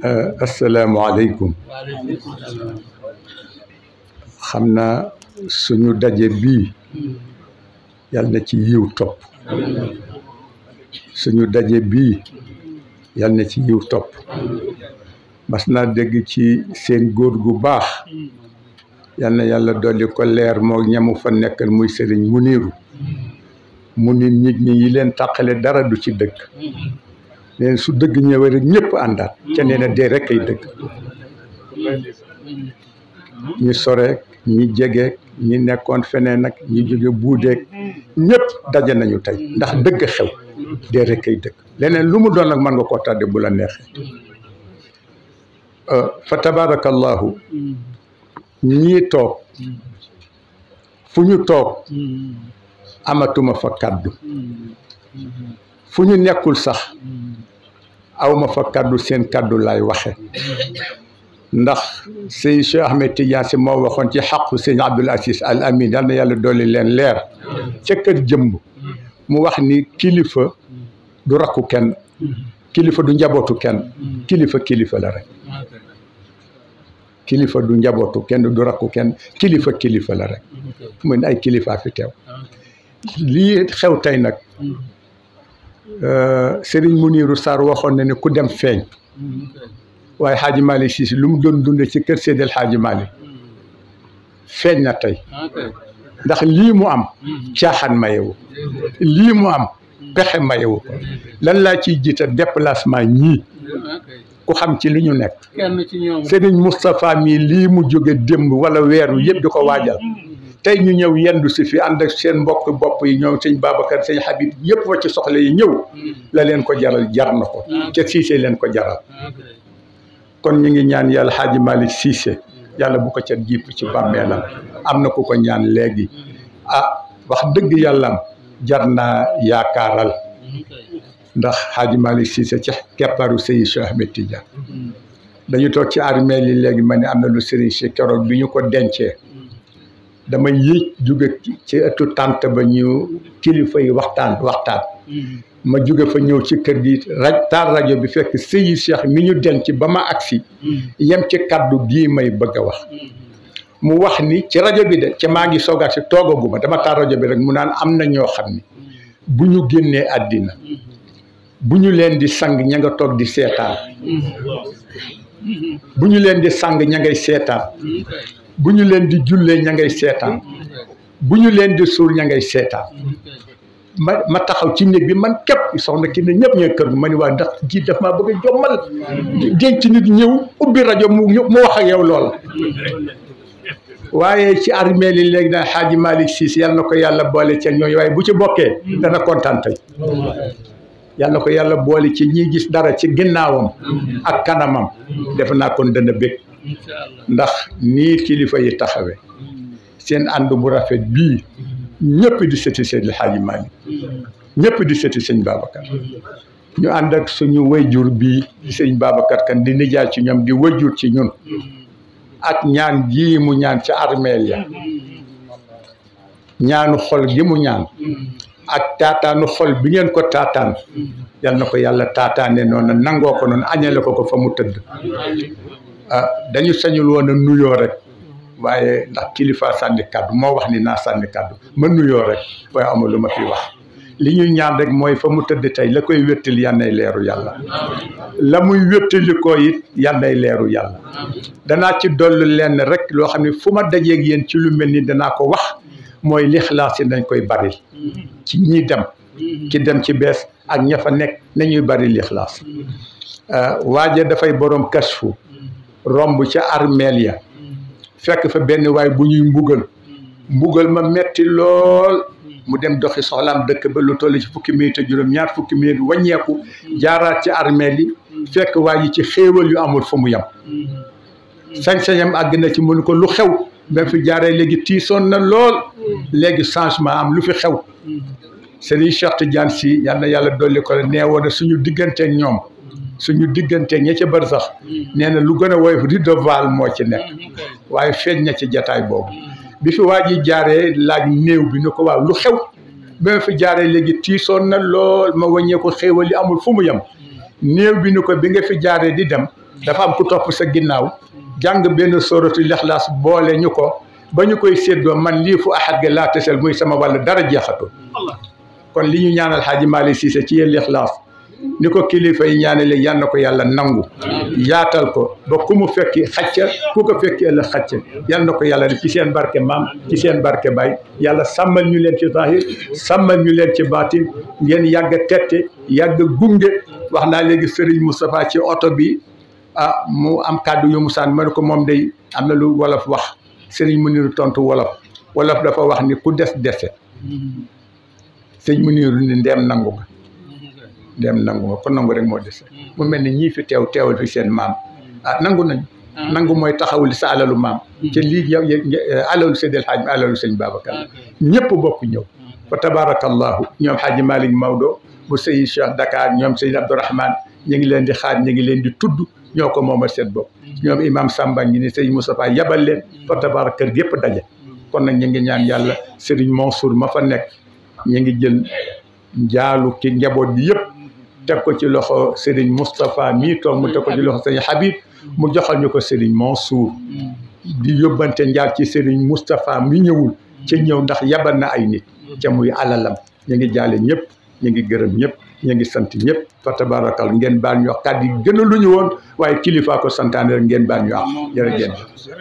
Euh, asalaamualeykum xam naa suñu daje bii yal na ci yiw topp suñu daje bii yal na ci yiw topp mas naa dégg ci seen góor gu baax yal na yàlla dolli ko leer moo ñamu fa nekkal muy sëriñ mu niiru mu ni ñi yi leen tàqale dara du ci dëkk neen su dëgg ñëwee rek ñëpp àndaat ca nee na dee rek ay dëgg ñi soreek ñi jegeek ñi nekkoon feneen nag ñi jóge buudeeg ñépp daje nañu tey ndax dëgg xew dee rek ay dëgg leneen lu mu doon nag mën nga koo tàdde bu la neexee euh, fa tabarakallahu ñii toog fu ñu toog amatuma fa kàddu fu ñu nekkul sax awma fa kàddu seen kàddu lay waxe ndax sëñ Cheikh Ahmed Tidiane si moo waxoon ci xaqu sëñ Abdoul Aziz Al Amin dal yàlla dolli leen leer ca jëmb mu wax ni kilifa du rakku kenn kilifa du njabootu kenn kilifa du njabootu kenn du rakku kenn kilifa kilifa la rek fu mu ne ay kilifaa fi teew lii xew tey nag Euh, sëriñ mu Mounirou Sarr waxoon na ne ku dem feeñ waaye Xaaji Malick Cissé lu mu doon dunde ci kër Seydil Xaaji Malick feeñ na tey ndax lii mu am caaxaan mayewu lii mu am pexe mayewu ko lan laa ciy jiita déplacement ñii ku xam ci li ñu nekk Serigne Moustapha yi lii mu jóge démb wala weeru yëpp di ko waajal tey ñu ñëw yendu si fi ànd seen mbokk bopp yi ñoom sëñ Babacar sëñ Habib yëpp fa ci soxla yi ñëw hmm. la leen ko jaral jar na ko hmm. ca Cissé leen ko jaral ñu ngi ñaan yàlla Hadji Malick yàlla bu ko ca jipp ci bàmmeelam am na ku ko ñaan léegi hmm. ah wax dëgg yàllam jar na yaakaaral ndax xaaj Malick Cissé ci kepparu sëyi Cheikh Ahmed Tidiane dañu toog ci armée yi léegi ma ne am na lu sëriñ si keroog bi ñu ko dencee dama yéeg jóge ci ëttu tànt ba ñu kilifa yi waxtaan waxtaan mm-hmm. ma jóge fa ñëw ci kër gi raj taal rajo bi fekk sëyi Cheikh mi ñu denc ba ma agsi mm-hmm. yem ci kàddu gi may bëgg a wax mm-hmm. mu wax ni ci rajo bi de ca maa ngi soogaat si toogaguma dama taal rajo bi rek mu naan am na ñoo xam ne bu ñu génnee àddina bu ñu leen di sang ña nga toog di seetaan bu ñu leen di sang ña ngay seetaan bu ñu leen di jullee ña ngay seetaan bu ñu leen di suul ña ngay seetaan ma ma taxaw ci néeg bi man képp soxna ki ne ñëpp ñooy kër gi ma ni kii daf maa bëgg a jommal denc ñëw ubbi rajo mu mu wax ak yow waaye ci armée li léegi nag xaaji Malick Cissé yal na ko yàlla boole ci ñooñu waaye bu ci bokkee dana kontaan tey yal na ko yàlla boole ci ñi gis dara ci ginnaawam ak kanamam def naa kon dana bëgg ndax nii kilifa yi taxawe seen ànd bu rafet bii ñépp di sëti Seydi El Hadji ñëpp di sëti sëñ Babacar ñu ànd ak suñu wayjur bii sëñ Babacar kan di nijaay ci ñoom di wayjur ci ñun ak ñaan ji mu ñaan ca armeel ya ñaanu xol gi mu ñaan ak taataanu xol bi ngeen ko taataan yal na ko yàlla taataane noonu nangoo ko noonu añale ko ko fa mu tëdd ah dañu sañul woon a nuyoo rek waaye ndax kilifa sànni kaddu moo wax ni naa sànni kaddu ma nuyoo rek waaye amul lu ma fi wax li ñuy ñaan rek mooy fa mu tëdd tey la koy wéttal yan leeru yàlla la muy wéttali ko it leeru yàlla danaa ci dollu lenn rek loo xam ne fu ma dajeeg yéen ci lu mel ni danaa ko wax mooy lixlaas yi nañ koy bari ci ñi dem ci dem ci bees ak ña fa nekk nañuy bari lixlaas ah, waaje dafay borom kasfu romb ca armeel ya fekk fa benn waay bu ñuy mbugal mbugal ma metti lool mu dem doxi soxlaam dëkk ba lu toll ci fukki minute ak juróom ñaar fukki minute wàññeeku jaaraat ci armeel yi fekk waay ji ci xéewal yu amul fa mu yem sañ-sañam àgg na ci mënu ko lu xew ba fi jaaree léegi tiisoon na lool léegi changement am lu fi xew Serigne Cheikh Tidiane Sy yal na yàlla dolli ko nee woon suñu digganteeg ñoom suñu diggante ña ca bari sax mm-hmm. nee na lu gën a woyof di deval moo ci nekk mm-hmm, waaye feeñ na ci jataay boobu mm-hmm. bi fi waa ji jaaree laaj néew bi ne ko waaw lu xew ba fi jaaree léegi tiisoon na lool ma wàññee ko xéewal yi amul fu mu yem néew bi ni ko bi nga fi jaaree di dem dafa am ku topp sa ginnaaw jàng benn soratu lexlaas boole ñu ko ba ñu koy séddoo man lii fu axat ga laa tesel muy sama wàll dara jeexatu kon li ñu ñaanal xaaji Malick Cissé ci yéen lexlaas ni ko kilifa yi ñaanale yal na ko yàlla nangu yaatal ko ba ku mu fekki xacca ku ko fekki ëllëg xacca yal na ko yàlla def ci seen barke maam ci seen barke bay yàlla sàmmal ñu leen ci zahir sàmmal ñu leen ci baatin ngeen yàgg a tette yàgg a gunge wax naa léegi Serigne Moustapha ci oto bi ah mu am kàddu yu mu sànni ko moom day am na lu wolof wax Serigne Mouniru tontu wolof wolof dafa wax ni ku des dese sëñ Mouniru ni ndeem nangu dem nangu kon nangu rek moo dese hmm. mu mel ni ñii fi teew teewal fi seen maam hmm. ah nangu nañ hmm. nangu mooy taxawul sa alalu maam te lii yow alalu Seydil Hadj alalu sëñ Babacar ñëpp bokk ñëw fa tabarakallahu ñoom Hadj Malick Maodo mu sëy Cheikh Dakar ñoom sëñ Abdourahmane ñu ngi leen di xaaj ñu ngi leen di tudd ñoo ko moomal seen bopp ñoom imam Samba ngi ne sëñ Moustapha yabal leen fa tabarak kër yëpp daje kon nag ñu ngi ñaan yàlla Serigne Mansour ma fa nekk ñu ngi jël njaalu ki njaboot bi yëpp teg ko ci loxo Serigne Moustapha mii toog mu teg ko ci loxo Serigne Habib mu joxal ñu ko Serigne Mansour di yóbbante njaag ci Serigne Moustapha mi ñëwul ci ñëw ndax yabal na ay nit ca muy alalam ñu ngi jaale ñëpp ñu ngi gërëm ñëpp ñu ngi sant ñëpp fa tabarakal ngeen baal ñu wax kàddu yi gënaluñu woon waaye kilifaa ko santaane rek ngeen baal ñu wax jërëjëf